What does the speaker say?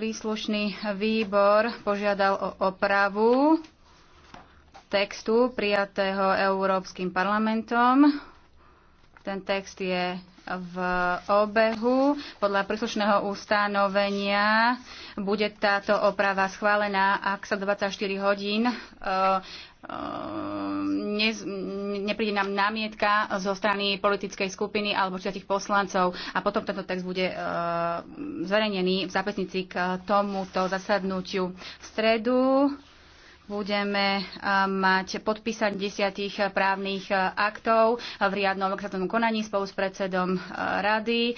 príslušný výbor požiadal o opravu textu prijatého Európskym parlamentom. Ten text je v obehu. Podľa príslušného ustanovenia bude táto oprava schválená, ak sa 24 hodín uh, ne, nepríde nám námietka zo strany politickej skupiny alebo čiatich poslancov a potom tento text bude e, zverejnený v zápisnici k tomuto zasadnutiu. V stredu budeme e, mať podpísať desiatých právnych aktov v riadnom legislatívnom konaní spolu s predsedom e, rady.